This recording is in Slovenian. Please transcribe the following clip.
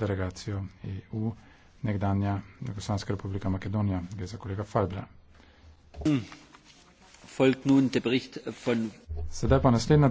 delegacijo EU, nekdanja Jugoslavijska republika Makedonija, gre za kolega Falbra. Hm. Sedaj pa naslednja.